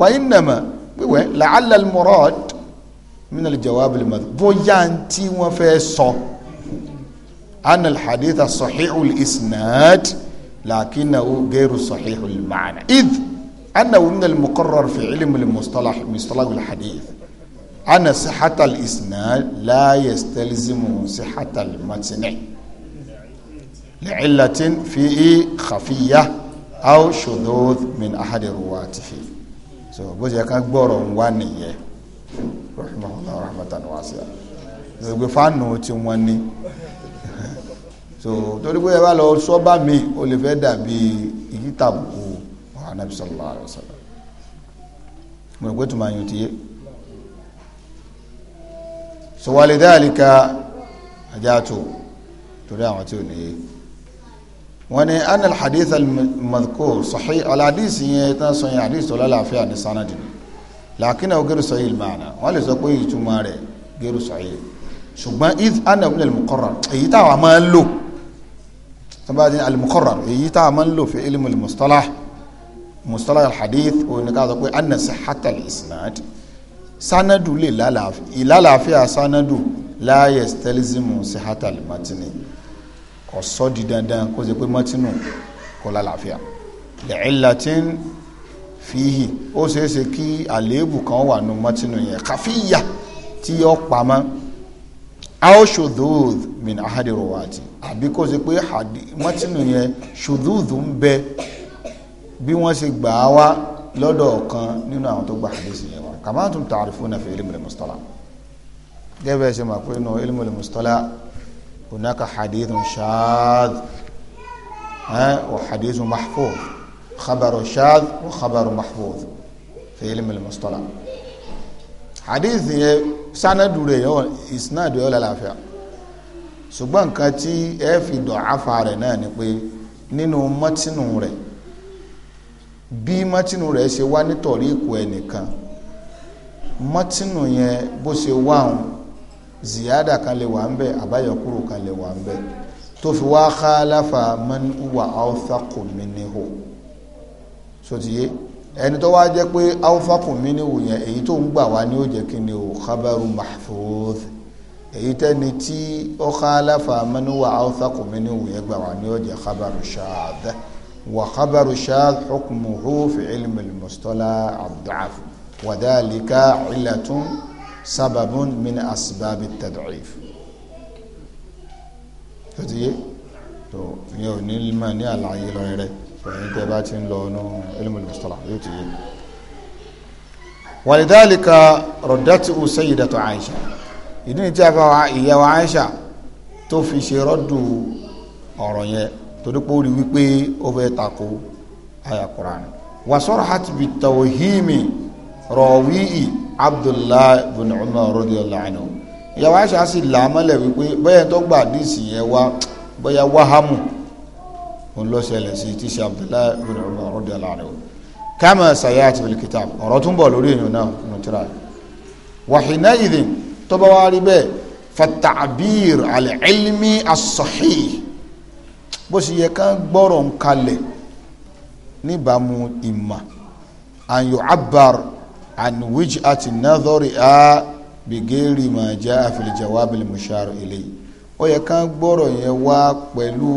A: wa innama wíwẹ̀ la'alla al-murad من الجواب فجانتي وفيسو أن الحديث صحيح الإسناد لكنه غير صحيح المعنى إذ ان من المقرر في علم المصطلح مصطلح الحديث أن صحة الإسناد لا يستلزم صحة المتن لعلة في خفية أو شذوذ من أحد رواته. So, rahimahullah rahmatan wasi'a gbogbo fáànù tí wọ́n ní so torí pé ẹ bá lọ sọ́ba mi ó lè fẹ́ dàbí èyí tàbùkù anabi sallallahu alaihi wasallam mo rò pé tó máa yun ti yé so walidhalika ajatu torí àwọn tí ò ní yé wọ́n ní anal hadith al-madhkur sahih al-hadith yẹn tán sọ yẹn hadith tó lálàáfíà ní sanadini làákínà gẹ́rù sọ̀yìn màánà wọ́n lè sọ pé ìtumọ̀ rẹ̀ gẹ́rù sọ̀yìn ṣùgbọ́n if anna min al-muqarrar èyí táwa máa ń lò sábàdí al-muqarrar èyí táwa máa ń lò fi ilmu al-mustalah mustalah al-hadith òní ká sọ pé anna sihhata al-isnad sanadu lè ìlàlàáfíà sanadu la yastalzimu sihhata al-matni kò sọ di dandan kó ṣe pé matinu kò lálàáfíà lẹ́ẹ̀lá tí fìhì ó ṣeéṣe kí àléébù kan wà nù mọ́tínú yẹn káfíyà tí yọ pamọ́ aw ṣòdòdò min ahadirawati àbí kó ṣe pé mọ́tínú yẹn ṣòdòdò ń bẹ bí wọ́n ṣe gbà á wá lọ́dọ̀ kan nínú àwọn tó gba hadisi yẹn wá kama tum ta'rifuna fi ilmi al-mustalah gẹ́gẹ́ ṣe máa pé nù ilmi al-mustalah hunaka hadithun shadh wa hadithun mahfuz. خبر shadh وخبر khabaru في علم ilmi al-mustalah hadith yẹn sanadu rẹ̀ yọ كاتي yọ lálàáfíà ṣùgbọ́n nǹkan نينو ẹ fi dọ̀ afa rẹ̀ náà ni pé nínú mọ́tínù rẹ̀ bí mọ́tínù rẹ̀ ṣe wá nítorí ikú ẹnìkan mọ́tínù yẹn bó ṣe wá òun ziyada kan lè wà ń bẹ àbáyọkúrò kan lè wà ń bẹ tó fi wá khalafa man huwa awthaqu minhu sotiye ẹni tó wá jẹ́ pé awúfàkùn mi níwò yẹn èyí tó ń gbà wá ní ó jẹ́ kí ni o khabaru mahfuz èyí tẹ́ni tí ó ká aláfa mẹ́nuwà awúfàkùn mi níwò yẹn gbà wá ní ó jẹ́ khabaru shadh wa khabaru shadh hukmuhu fi ilmi mustala ad-da'f wa sababun min asbab at sotiye tó ìyẹn ò ní ma ní àlàyé lọ rẹ ẹ̀yìn tẹ́ bá ti ń lọ ní ilmul mustalah yóò ti yé walidhalika rọ̀dátì ó sayyidatu Aisha ìdí ni tí a fa ìyá wa Aisha tó fi ṣe rọ́dù ọ̀rọ̀ yẹn torí pé ó rí wípé ó fẹ́ tako àyà Kùránì wa sarhat bi tawhimi rọ̀wíì Abdullahi bin Umar radiyallahu anhu ìyá wa Aisha sì làmọ́lẹ̀ wípé bẹ́ẹ̀ tó gbà díìsì yẹn wá bóyá wáhámù òun ló ṣẹlẹ̀ sí tí ṣe abdullahi ibn umar radiyallahu anhu kama sayati bil kitab ọ̀rọ̀ tún bọ̀ lórí èèyàn náà nù tíra wàhíná ìdí tó bá wá rí bẹ́ẹ̀ fatabir al-ilmi as-sahih bó ṣe yẹ ká gbọ́rọ̀ ń kalẹ̀ níbàámu ìmà an yu'abbar an wij'ati nadhari a bigeri ma jaa fil jawab al-mushar ó yẹ kán gbọ́rọ̀ yẹn wá pẹ̀lú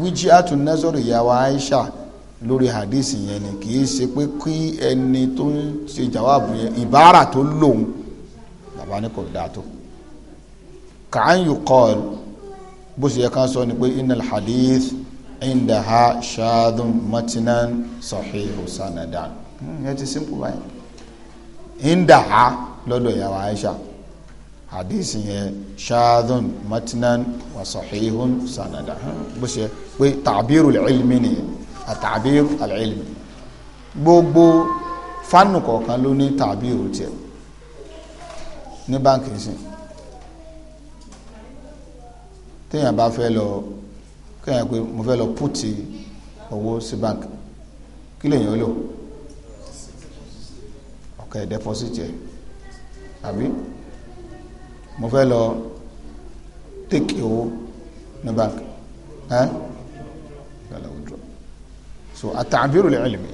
A: wíjí àtúnẹ́sọ̀rọ̀ ìyàwó Aisha lórí hadisi yẹn ni kì í ṣe pé kí ẹni tó ń ṣe jàwáàbù yẹn ìbára tó lòun bàbá ní kò dáa tó kàáyù kọ́ọ̀l bó ṣe yẹ kán sọ ni pé inal hadith indaha shadun matinan sahihu sanadan hmm, ẹ ti simple báyìí indaha lọ́dọ̀ ìyàwó Aisha hadith yẹn ṣáàdùn matinan wasahihun sanada bó ṣe pé tàbírù ilmi ni àtàbírù alilmi gbogbo fánù kọ̀ọ̀kan ló ní tàbírù tiẹ̀ ní báńkì sìn téèyàn bá fẹ́ lọ kéèyàn pé mo fẹ́ lọ púùtì owó sí báńkì kí lèèyàn lò ọ̀kẹ́ deposit yẹ àbí mo fẹ́ lọ take owó ní bank ẹ́ fẹ́ lọ withdraw so àtàbírò lè rìn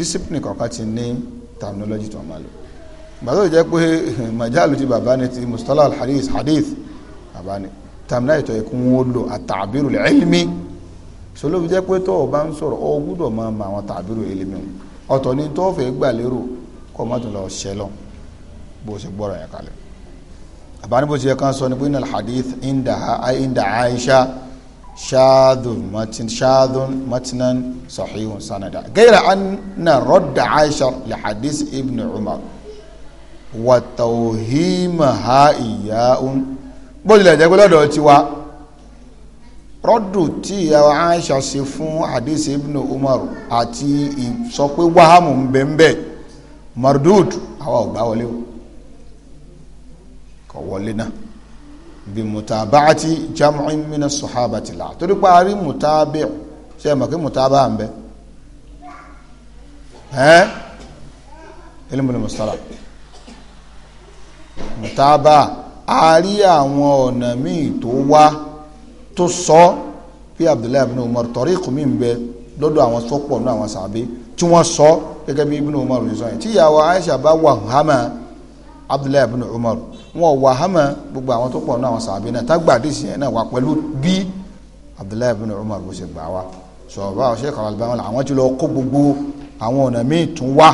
A: discipline kọ̀ọ̀kan ti ní terminology tó máa lò gbàdọ̀ jẹ́ pé majalu ti bàbá ni ti mustala alhadith hadith bàbá ni tamina ìtọ̀ yẹ kí wọ́n lò àtàbírò lè rìn sọlọ́bi jẹ́ pé tọ́ ọ bá ń sọ̀rọ̀ ọ gbúdọ̀ máa ma àwọn tàbírò ilimi ọ̀tọ̀ ni tọ́ọ̀fẹ́ gbà lérò kọ́ mọ́tò lọ ṣẹlọ bó ṣe gbọ́rọ̀ yẹn kalẹ̀ àbáníbó ti yẹ kán sọ ni pé inal hadith inda aisha shadun matin shadun matinan sahihun sanada gaira anna radda aisha li hadith ibn umar wa tawhimaha iyaun bó tilẹ̀ jẹ́ pé lọ́dọ̀ tiwa rọ́dù tí ìyàwó aisha ṣe fún hadith ibn umar àti ìsọ wàhámù ń bẹ́ẹ̀ mardud àwa ò gbá wọlé o kò wọlé náà bí mutabaati jam'in mina sahabati la torí pé a rí mutabi ṣe é mọ̀ kí mutaba à ń bẹ ẹ́ ilmu mustala mutaba a rí àwọn ọ̀nà míì tó wá tó sọ bí abdullahi ibn umar tariqu mi ń bẹ lọ́dọ̀ àwọn sọ́pọ̀ ní àwọn sàbí tí wọ́n sọ gẹ́gẹ́ ibn umar ní sọ yẹn tí ìyàwó aisha bá wà hama abdullahi ibn umar wọn ò wà hámà gbogbo àwọn tó pọ̀ náà àwọn sàbí náà tágbà àdìsí yẹn náà wà pẹ̀lú bí abdullahi bin umar bó ṣe gbà wá sọ̀rọ̀ ọ̀ṣẹ́ kàwálùbáwọn làwọn ti lọ kó gbogbo àwọn ọ̀nà míì tún wá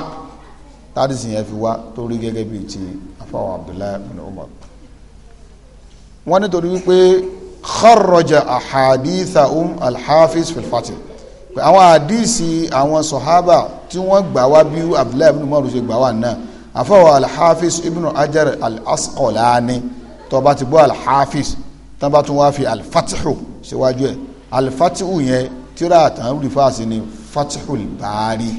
A: tádìsí yẹn fi wá tó rí gẹ́gẹ́ bíi ti afọwọ́ abdullahi bin umar. wọ́n nítorí wípé kharraja ahaditha um alhafiz filfati pé àwọn àdìsí àwọn sọ̀hábà tí wọ́n gbà wá bí abdullahi bin umar ṣe gbà wá náà àfọwọ́ alhafiz ibn hajar al-asqalani tó bá ti gbọ́ alhafiz tó bá tún wá fi alfatihu síwájú ẹ̀ alfatihu yẹn tíra àtàn rìfáàsì ni fatihul baari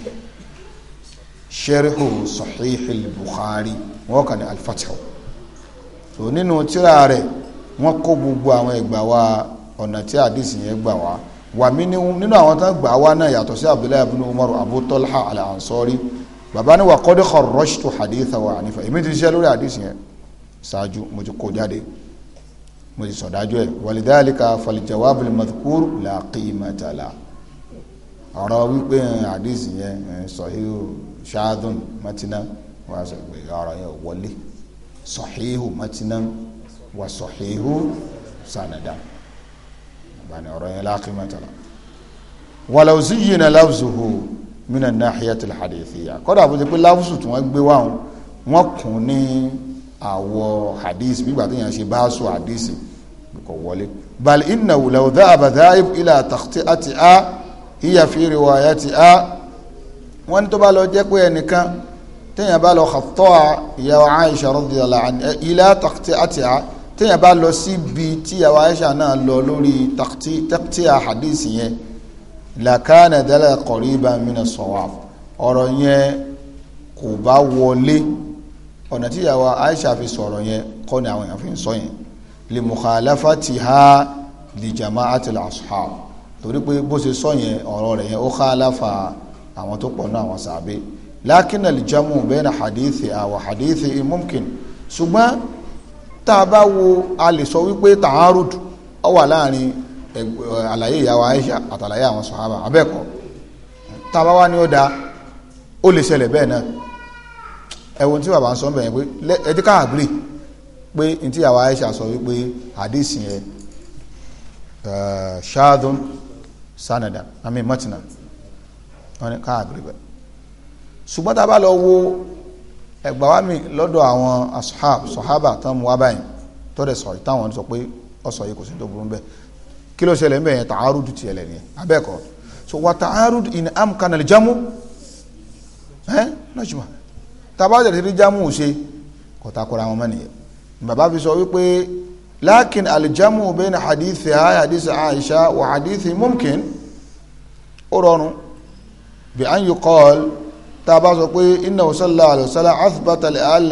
A: sẹ́ríhù sọ̀híhìl bukhari wọ́n kàn ní alfatihu so nínú tíra rẹ̀ wọ́n kó gbogbo àwọn ẹgbàá wa ọ̀nà tí àdìsí yẹn gbà wá wà mí nínú àwọn tán gbà wá náà yàtọ̀ sí abdullahi ibn umar abu talha al bàbá ni wà kọ́dé kharrajtu haditha wa ànífà èmi ti ṣiṣẹ́ lórí hadith yẹn ṣáájú mo ti kó jáde mo ti sọ̀dájú ẹ̀ walidhalika faljawab almadhkur la qimata la ọ̀rọ̀ wípé hadith yẹn sahihu ṣáàdùn matinan wà sọ pé ọ̀rọ̀ yẹn wọlé sahihu matinan wà sanada bàbá ni ọ̀rọ̀ yẹn la qimata la walaw zuyyina lafzuhu mina nahiyatil hadithiya kódà bó ti pé láfùsù tí wọ́n gbé wáhùn wọ́n kùn ní àwọ̀ hadith bí gbàtí yẹn ṣe bá sọ hadith kò wọlé bal inna law dhahaba dhahib ila takhti'atiha hiya fi riwayatiha wọ́n ní tó bá lọ jẹ́ pé ẹnìkan téèyàn bá lọ xatọ́a ìyàwó Aisha radiyallahu anha ila takhti'atiha téèyàn bá lọ síbi tíyàwó Aisha náà lọ lórí takhti'a hadith yẹn làkàna dala kọ̀ríba mina sawab ọ̀rọ̀ yẹn kò bá wọlé ọ̀nà tí ìyàwó Aisha fi sọ̀rọ̀ yẹn kọ́ ni àwọn èèyàn fi ń sọ yẹn lè mùkàlàfà ti ha lè jama'ati al-ashab torí pé bó ṣe sọ yẹn ọ̀rọ̀ rẹ̀ yẹn ó khalafa àwọn tó pọ̀ náà àwọn sàbẹ lakin al-jamu bayna hadithi àwọn hadithi mumkin ṣùgbọ́n tá a bá wo a lè sọ wípé tààrùd ó wà láàrin àlàyé ìyàwó Aisha àtàlàyé àwọn sọ̀hábà abẹ́ẹ̀kọ́ tábà wá ní ó da ó lè ṣẹlẹ̀ bẹ́ẹ̀ náà ẹ̀wọ̀n tí bàbá ń sọ bẹ̀yẹn pé ẹ̀díkà àgbèrè pé ní tí ìyàwó Aisha sọ wípé àdìsí yẹn ṣáàdùn sanada àmì mọ́tìnà wọn ká àgbèrè bẹ́ẹ̀ ṣùgbọ́n tá lọ wo ẹgbà wa mi lọ́dọ̀ àwọn sọ̀hábà tán mu wá báyìí tọ́lẹ̀ sọ̀rọ̀ táwọn sọ pé ọ̀sọ̀ yìí kò sí tó burú bẹ́ẹ̀ kí ló ṣẹlẹ̀ mbẹ̀ yẹn tààrùdù ti ẹlẹ̀ nìyẹn so wà tààrùdù in am kanal jamu ẹ́ lọ́jùmọ̀ tabajẹ̀ tí jamu ṣe kò takora wọn mọ́ nìyẹn bàbá fi sọ wípé lakin aljamu bayna hadithi ha hadithi aisha wa hadithi mumkin ó rọrùn bí an yuqal tá a bá sọ pé inna sallallahu alaihi wasallam athbata al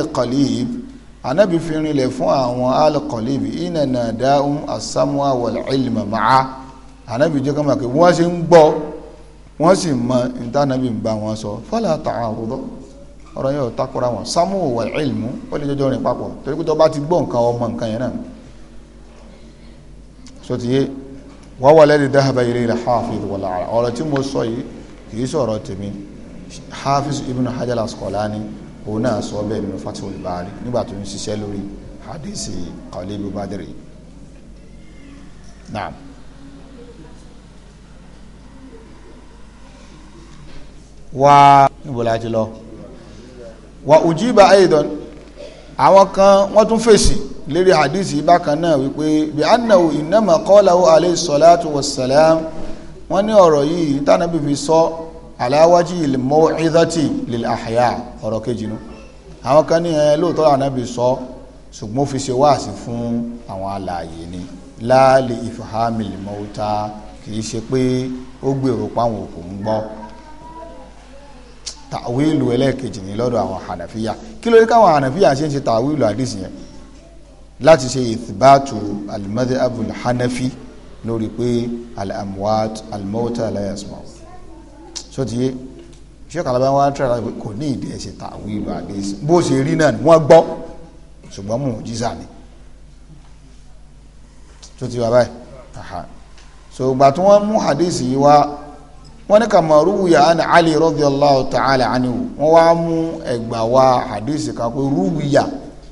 A: anabi fi rinlẹ̀ fún àwọn alkọ̀lẹ́bì iná na dáhùn asámúà wal ilma máa anabi jẹ́ kọ́mọ̀ pé wọ́n sì ń gbọ́ wọ́n sì mọ níta anabi ń bá wọn sọ fọ́lá ta'arudọ́ ọ̀rọ̀ yóò takora wọn sámúà wal ilmu ó lè jọjọ rìn papọ̀ torí pé tó bá ti gbọ́ nǹkan ọmọ nǹkan yẹn náà so wọ́n wà lẹ́ni dáhàbà ilé ilẹ̀ hafiz wọ̀lá ọ̀rọ̀ tí mo sọ yìí kì í sọ̀rọ̀ tèmi hafiz ibn hajar òun náà sọ bẹ́ẹ̀ nínú Fathul Bari nígbà tó ń ṣiṣẹ́ lórí hadisi Qalib Badri naam. wa níbo la ti lọ wa ujiba aidan àwọn kan wọ́n tún fèsì lérí hadisi bákan náà wípé bí annahu innama qalahu alayhi salatu wassalam wọ́n ní ọ̀rọ̀ yìí tánàbí fi sọ aláwájú ìlmọ́ ìdọ́tì lílẹ̀ àhàyà ọ̀rọ̀ kejì nu àwọn kan ní ẹ lóòótọ́ ànábì sọ ṣùgbọ́n ó fi ṣe wáàsí fún àwọn alààyè ni láàlì ìfàhámi lìmọ́ta kì í ṣe pé ó gbèrò páwọn òkú ń gbọ́ tàwílù ẹlẹ́ẹ̀kejì ní lọ́dọ̀ àwọn hànàfíyà kí ló ní káwọn hànàfíyà ṣe ń ṣe tàwílù àdìsí yẹn láti ṣe ìtìbáàtù alimadi abul hanafi lórí pé alamuwaat alimawta alayasmaw sotiye sheikh alaba wa tẹ̀lé àti kò ní ìdí ẹ̀sẹ̀ tàwí ìlú àdéhìsì bó ṣe rí náà wọ́n gbọ́ ṣùgbọ́n mò ń jísà ni sotiye bàbá yìí so gbà tí wọ́n mú àdéhìsì yìí wá wọ́n ní kàmá rúwìyà án ali radiyallahu ta'ala anhu wọ́n wá mú ẹgbà wá àdéhìsì kan pé rúwìyà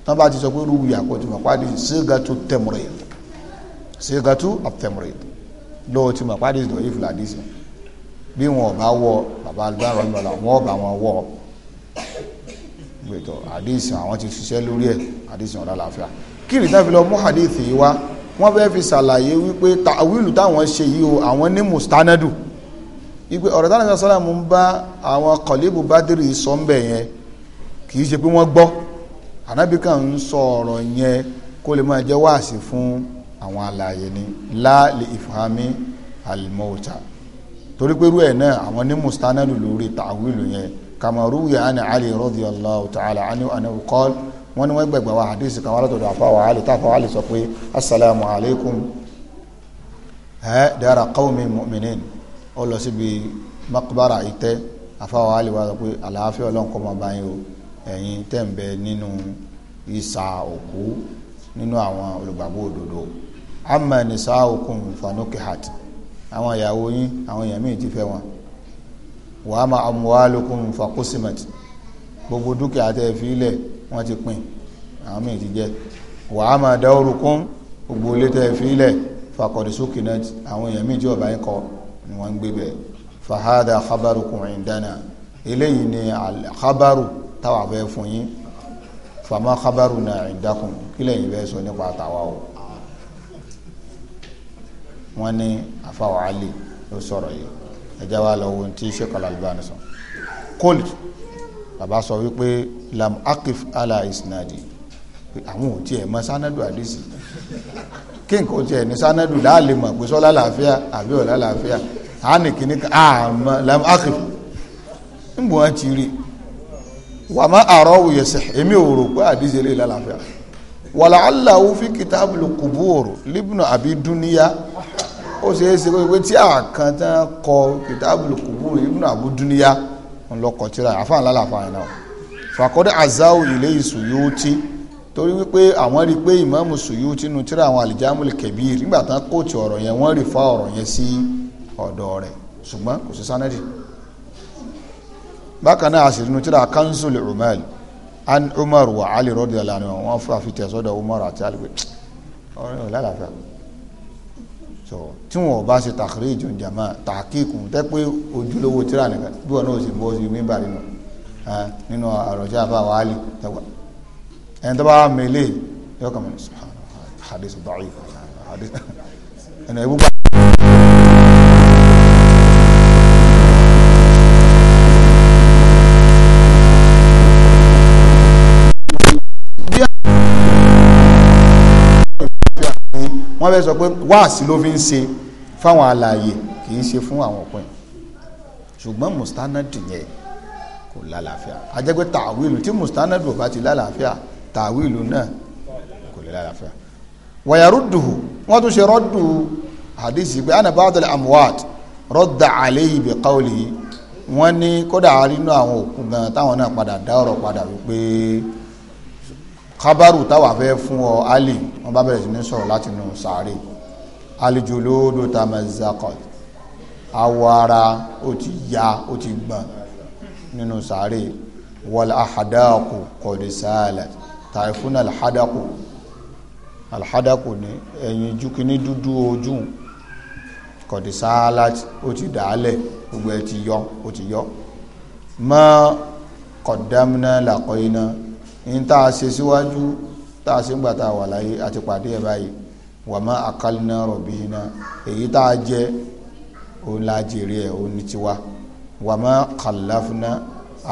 A: tán bá ti sọ pé rúwìyà kò tí mọ̀ pàdé sígàtú tẹ̀mùrẹ̀ sígàtú àtẹ̀mùrẹ̀ lọ́wọ́ tí mọ̀ pàdé ìdọ̀yí fìlà àdéhìsì yìí bí wọn ò bá wọ bàbá alágbára lọ́la wọn ò bá wọn wọ gbẹtọ hadith àwọn ti ṣiṣẹ́ lórí ẹ̀ hadith ọ̀la làáfíà kí ni táfi lọ mú hadith yìí wá wọ́n fẹ́ fi ṣàlàyé wípé tàwílù táwọn ṣe yìí o àwọn ní mustanadu ìpè ọ̀rọ̀ táwọn ṣe sọ́lá mú ń bá àwọn kọ̀líbù bádìrì sọ ń bẹ̀ yẹn kì í ṣe pé wọ́n gbọ́ ànábì kan ń sọ ọ̀rọ̀ yẹn kó lè máa jẹ́ wáàsí fún àwọn alààyè ni láàlì ìfàmì àlìmọ́ọ̀tà torí pé irú ẹ̀ náà àwọn ní mustanadu lórí tàwílù yẹn kàmàrú yà á ní Ali radiyallahu ta'ala anhu anahu qal wọn ni wọn gbẹgbẹ wa hadith kan wọn látọ̀dọ̀ àfa wa Ali táfa wa Ali sọ pé asalaamu alaykum ẹ dara qawmin mu'minin ó lọ síbi makbara ìtẹ́ àfa wa Ali wa sọ pé àlàáfíà ọlọ́nkọ́ máa bá yín o ẹ̀yin tẹ̀ ń bẹ nínú ìsà òkú nínú àwọn olùgbàgbọ́ òdodo amma nisa'ukum fanukihat àwọn ìyàwó yín àwọn èèyàn míì ti fẹ́ wọn wa ama amwalukum faqusimat gbogbo dúkìá tẹ́ fi ilẹ̀ wọ́n ti pín àwọn míì ti jẹ wa ama daurukum gbogbo ilé tẹ́ fi ilẹ̀ faqad sukinat àwọn èèyàn míì tí ọba yín kọ ni wọ́n ń gbé bẹ̀ fahada khabarukum indana eléyìí ni khabaru táwa fẹ́ fún yín fama khabaruna indakum kílẹ̀ yìí bẹ́ẹ̀ sọ nípa tàwa o wọn ní àfàwọ̀ alì ló sọ̀rọ̀ yìí ẹ̀jẹ̀ wa lọ wo ti Sheikh Al-Albani sọ kóòlì bàbá sọ wípé lam akif ala isnadi àwọn ò tiẹ̀ mọ sanadu àdìsí kí nǹkan tiẹ̀ ní sanadu láàlè mọ̀ pé sọ́lá làáfíà àbí ọ̀lá làáfíà àánì kìíní kan àmọ́ lam akif nbọ wọn ti rí wà má àrọ wòye sẹ èmi ò rò pé àdìsí lè lálàáfíà wàlà aláwo fi kìtàbù lè kúbúrò libnu àbí dúníyà ó ṣe é ṣe kó pé tí àkàn tí wọ́n kọ kìtàbùlù kùbúrù ibùnà àbúdúníyà ń lọ kọ̀ tíra àfáà ńlá làfáà náà fàkọ́dẹ́ àzáwò ilé ìsòyóòtì torí wípé àwọn rí i pé ìmáàmù sòyóòtì nu tíra àwọn nígbà fa ọ̀rọ̀ yẹn sí ọ̀dọ̀ rẹ̀ ṣùgbọ́n kò sí sanadi bákan náà àṣírí nu tíra umar umar wa ali ni umar àti so tí wọn bá ṣe tàkìrí ìjọ̀njàmá tàkìkùn tẹ́ pé ojúlówó tíra nìkan bí wọn náà ṣe bọ́ sí mímbà nínú nínú àròjá àbá wàhálì tẹ́wà ẹni tó bá wà mẹ́lẹ̀ yọ kàn mí hadith bàáyì hadith ẹni ẹ̀bùbá wọ́n fẹ́ sọ pé wáàsí ló fi ń ṣe fáwọn alààyè kì í ṣe fún àwọn òpin ṣùgbọ́n mustanad yẹn kò lálàáfíà ajẹ́gbẹ́ tàwílù tí mustanad ò bá ti lálàáfíà tàwílù náà kò lè lálàáfíà wàyàrúdùhù wọ́n tún ṣe rọ́dù hadisi pé ana ba'dal amwat radda alayhi bi qawli wọ́n ní kódà nínú àwọn òkú gan táwọn náà padà dá ọ̀rọ̀ padà wípé khabaru táwa fẹ́ fún ọ ali wọn bá bẹ̀rẹ̀ sí ní sọ̀rọ̀ láti nù sàárè alijolodo tamazakot awọ ara ó ti ya ó ti gbọ̀n nínú sàárè wal ahadaku kọ̀dísàlẹ̀ tàìfún alhadaku alhadaku ni ẹ̀yìn ojú dúdú ojú kọ̀dísàlẹ̀ ó ti dàálẹ̀ gbogbo ẹ̀ ti yọ ó ti yọ mọ́ kọ̀dámúná làkọ́ iná in tá a ṣe síwájú tá a ṣe ń gbà tá a wà láyé àti pàdé ẹ̀ báyìí wà má àkálínà rọ̀bì iná èyí tá a jẹ òun la jèrè ẹ̀ òun ní tiwa wà má kàláfúná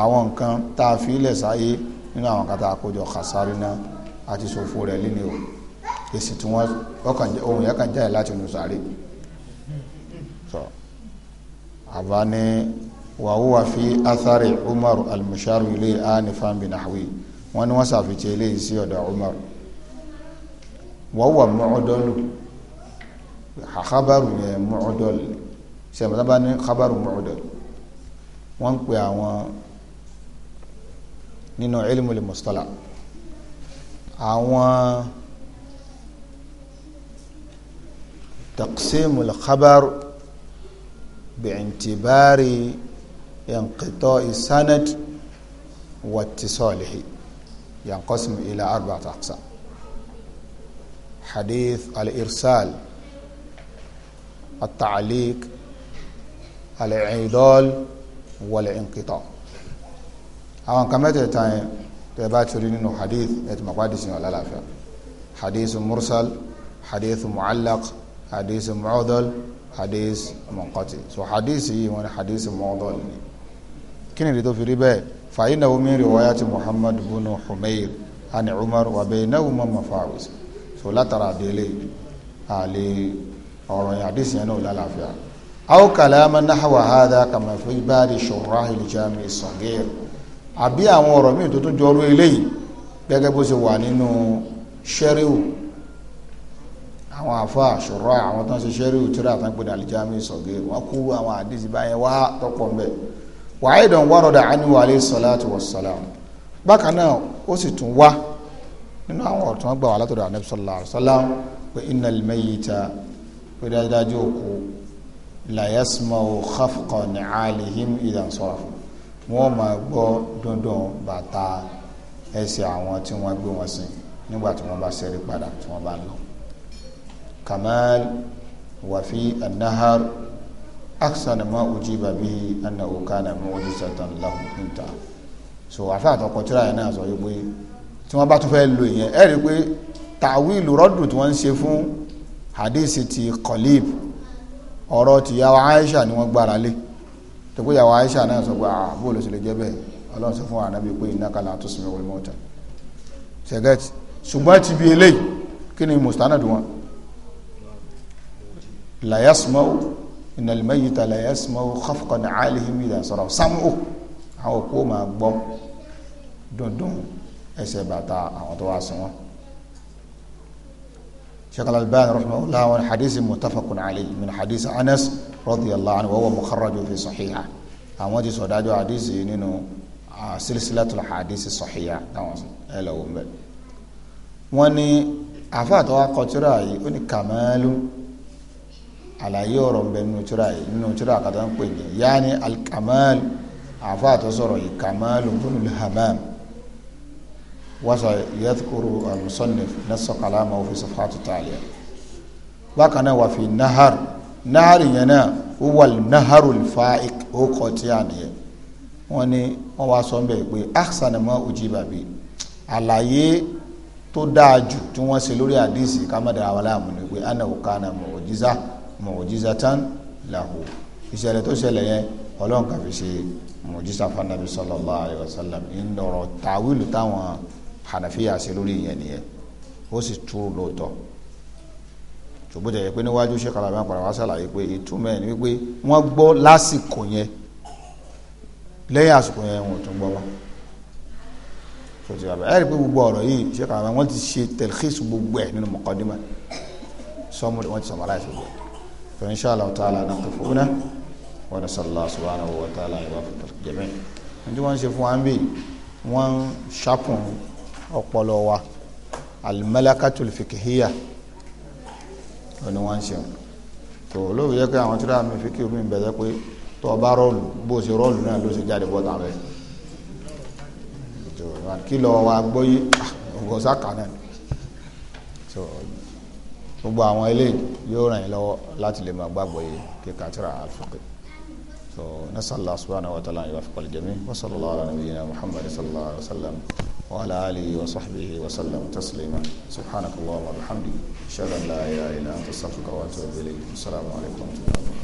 A: àwọn nǹkan tá a fi ilẹ̀ sáyé nínú àwọn kan tá kàsárínà àti ṣòfò rẹ̀ líle o èsì tí wọ́n ohun yẹn kan jáde láti inú sáré àbá ní wàhùwà fi athari umar al ilé anifan bin wọ́n ní wọ́n ṣàfihàn eléyìí sí ọ̀dọ̀ Umar wọ́n wà mọ́ọ́dọ́lù àkábàrù yẹn mọ́ọ́dọ́lù sẹ̀mọ́tàbá ní kábàrù mọ́ọ́dọ́lù wọ́n ń pè àwọn nínú ilmul mustalah àwọn taqsimul khabar bi'intibari inqita'i sanad wa ittisalihi ينقسم إلى أربعة أقسام حديث الإرسال التعليق العيدال والانقطاع àwọn kan mẹ́tẹ̀ẹ̀ta yẹn tẹ́ bá torí nínú hadith ẹ̀tì mọ̀páàdì sí ọ̀lá láfíà hadith mursal hadith mu'allaq hadith mu'adal hadith munqati so hadith yìí wọ́n ni hadith mu'adal ni kí ni tó fi rí bẹ́ẹ̀ فإنه من رواية محمد بن حمير عن عمر وبينهما مفاوز فلا ترى ديلي علي أورون حديث ينو لا لافيا أو كلاما نحو هذا كما في بعض شراح الجامع الصغير àbí àwọn ọ̀rọ̀ míì tó tún jọ orú eléyìí gẹ́gẹ́ bó ṣe wà nínú ṣẹ́ríù àwọn àfa àṣọ̀rọ̀ àwọn tó ń ṣe ṣẹ́ríù tíra àtàkùn àlìjáàmì sọ̀gẹ́ wọ́n kú àwọn àdìsí báyẹn wá tọ́pọ̀ mbẹ́ẹ̀ wàáìdàn wárọ̀dà ánìwò alayhi salatu wassalam bákan náà ó sì tún wá nínú àwọn ọ̀rọ̀ tí wọ́n gbà wà látọ̀dọ̀ ànábì sallallahu alaihi wasallam pé innal mayyita pé dájúdájú òkú la yasma'u khafqa ni'alihim idha sarafu wọ́n máa gbọ́ dundun bàtà ẹsẹ̀ àwọn tí wọ́n gbé wọn sìn nígbà tí wọ́n bá ṣẹ́rí padà tí wọ́n bá lọ. kamal wàfi anahar aksana ma ujiba bihi annahu kana mu'jizatan lahu níta so àfẹ́ àtọkọ tíra yẹn na sọ yìí pé tí wọ́n bá tún fẹ́ lo ìyẹn ẹ̀ rí i pé tàwíìlù rọ́dù tí wọ́n ń ṣe hadisi ti kọ̀líb ọ̀rọ̀ ti yàwó Aisha ni wọ́n gbára lé tó pé yàwó Aisha náà sọ pé àbúrò ah, ló sì lè jẹ́ bẹ́ẹ̀ ọlọ́run sọ fún wa ànábì pé innaka la tusmi'ul mauta ṣẹ̀gẹ́tì ṣùgbọ́n ti bí eléyìí kí ni mustanad la yasma'u innal mayyita la yasma'u khafqan 'alihim idha saraw sámúhù àwọn òkú máa gbọ́ dundun ẹsẹ̀ bàtà àwọn tó wá sí wọn. Shaykh al-Albani rahimahullah wa hadisi muttafaqun 'alayhi min hadisi Anas radiyallahu anhu wa huwa mukharrajun fi sahiha àwọn ti sọ̀dájọ́ hadisi nínú silsilatul hadisi sahiha táwọn ẹ lọ́wọ́ mbẹ́. wọ́n ní àfáàtọ̀ akọ̀tìrà yìí ó ní kàmáàlú àlàyé ọ̀rọ̀ ńbẹ nínú tíra yìí nínú tíra àkàtà ń pè ní yaani alkamal àfa àtọ́sọ̀rọ̀ yìí kamal bunul hamam wasa yadhkuru al-musannif nasa kalama fi safhatu taaliya bákan náà wà fi nahar nahar yẹn náà wal naharul faik ó kọ tí a nìyẹn wọ́n ní wọ́n wá sọ bẹ́ẹ̀ pé ahsanama ujiba bi àlàyé tó dáa jù tí wọ́n ṣe lórí àdìsí ká má dara pé ana òkà òjìzá mu'jizatan lahu ìṣẹ̀lẹ̀ tó ṣẹlẹ̀ yẹn ọlọ́run kà fi ṣe mu'jiza fanabi sallallahu alayhi wa sallam ìnọ̀rọ̀ tàwílù táwọn hànàfíà ṣe lórí ìyẹn nìyẹn ó sì tú lóòótọ́ ṣùgbọ́n jẹ́ pé níwájú ṣe kàlàbí àpàrà wá ṣàlàyé pé ìtumọ̀ ni wípé wọ́n gbọ́ lásìkò yẹn lẹ́yìn àsìkò yẹn wọn ò tún gbọ́ wá sọtì àbẹ ẹ rí i pé gbogbo ọ̀rọ̀ yìí ṣe kàlàbí wọn ti ṣe tẹlifíṣ gbogbo ẹ̀ nínú mọ̀kọ́dímà sọmọdé wọn ti sọmọ aláìsí gbogbo ẹ̀ فإن شاء الله تعالى نقف هنا ونسأل الله سبحانه وتعالى يوفق الجميع ǹjẹ́ wọ́n ń ṣe fún wa ń bí wọ́n ń ṣàpùn ọpọlọ wa alimalakatul fikihiya ni wọ́n ń ṣe tó olóòwò yẹ kí àwọn tíra mi fíkì omi bẹ̀rẹ̀ pé tó ọba rọ́ọ̀lù bó ṣe rọ́ọ̀lù náà ló ṣe jáde bọ́ta rẹ̀ kí lọ wa gbóyè ah, ọgọ́sàkà náà gbogbo àwọn eléyìí yóò ràn yín lọ́wọ́ láti lè máa gbàgbọ́ yìí kíkà tíra àfikè so nasalla subhanahu wa ta'ala yuwafiq al-jami wa sallallahu ala nabiyyina muhammad sallallahu alaihi wa sallam wa ala alihi wa sahbihi wa sallam taslima subhanakallahumma wa bihamdika ashhadu la ilaha illa anta astaghfiruka wa atubu ilayk assalamu alaikum wa rahmatullahi